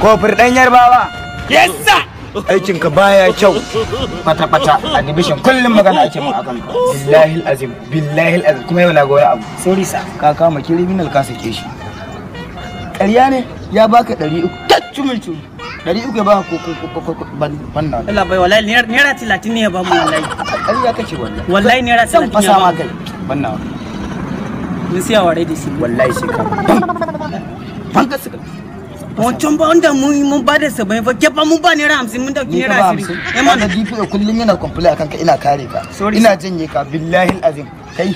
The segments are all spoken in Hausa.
Kofir ɗan bawa. Yes sir. Aikinka baya kyau fata-fata a division kullum magana ake mu akan ka. Billahi azim, billahi azim kuma yau na ga abu. Sorry sir. Ka kama kiriminal ka sake shi. Ƙarya ne ya baka ɗari uku. Tacci mun dari uku ba ko ko ko ko Allah bai wallahi naira ne ya ba mu wallahi ai ya kace wallahi naira san fasa ma kai wa ready shi wallahi shi ka su wancan ba wanda mun mun ba da fa ke ba mun ba naira 50 mun naira eh da kullun yana complain akan ka ina kare ka ina janye ka billahi alazim kai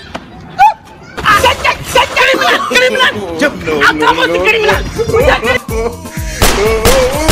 criminal criminal criminal a criminal oh, oh, oh,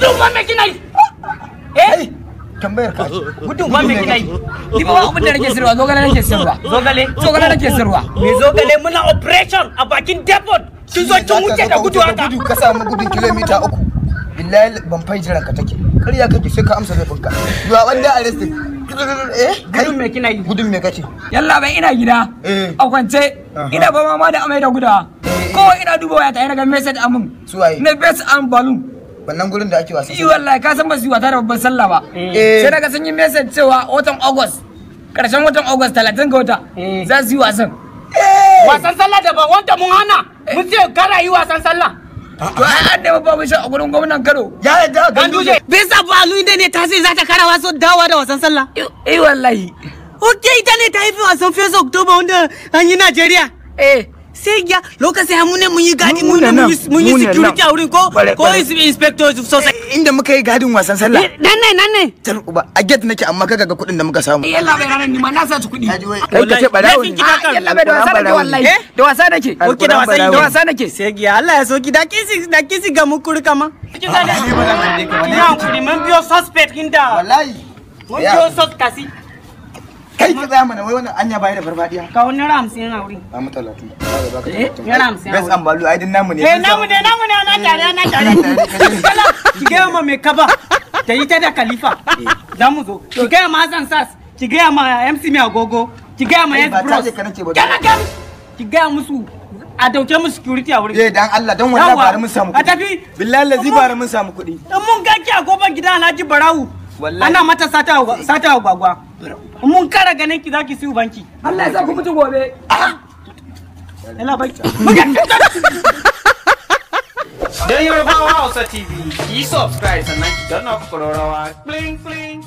gudun ruwa me kina yi eh tambayar ka gudun ruwa me kina yi ni ba abin da nake sirwa zogale nake sirwa zogale zogale nake sirwa me zogale muna operation a bakin depot kin zo kin wuce da gudu haka gudu ka samu gudun kilomita uku billahi ban fai jiran ka take karya kake sai ka amsa zafin ka zuwa wanda arrest eh? gudun me kina yi gudun me kace yalla bai ina gida eh. a kwance ina ba mama da amai da gudawa eh. kawai ina duba waya ta ina ga message amin na best and balloon wannan gurin da ake wasa yi wallahi ka san ba su yi wata da babban sallah ba eh. Eh. sai daga sun yi message cewa watan august karshen watan august 30 ga wata eh. za su yi wasan wasan sallah da ba wanda mun hana mun ce kara yi wasan sallah to ai an da babban shi a gurin gwamnan Kano ya da duje. bisa ba alu inda ne ta sai za ta kara waso dawa da wasan sallah Yi wallahi okay ita ne ta yi wasan fesa October wanda an yi Najeriya eh sai ya lokacin har mune mun yi gadi mun mun yi security a wurin ko ko inspector sosai eh, inda muka yi gadin wasan sallah eh, nan ne nan ne tar uba a gate nake amma kaga ga kudin da muka samu eh, Allah bai ranan ni ma na saci kudi kai kace barawo ne ah, Allah bai da wasa nake wallahi da wasa nake ko da wasa da wasa nake sai ya Allah ya soki da kisi da kisi ga mu kurka kama kin ga ne kin ga kudi man biyo suspect kin da wallahi mun biyo suspect kasi kai ki tsaya mana wai wannan anya da farfadiya ka wannan ra 50 yana wuri ba mu 30 ya ra 50 best an balu ai din namu ne eh namu ne namu ne na tare na tare eh, kala ki ga me kaba da ita da khalifa eh. za mu zo ki ga ma zan sas ki ga ma MC me agogo ki ga ma yes bros kana ki ga musu a dauke mu security a wurin eh dan Allah dan mun samu a tafi billahi lazi bari mun samu kuɗi dan mun a goban gidan Alhaji Barawu ana mata sata sata gwagwa mun kara ganin ki zaki siyo banki Allah ya sa ku mutu gobe ina banki don wa hausa tv ki subscribe sannan ki danna ƙwararrawa bling bling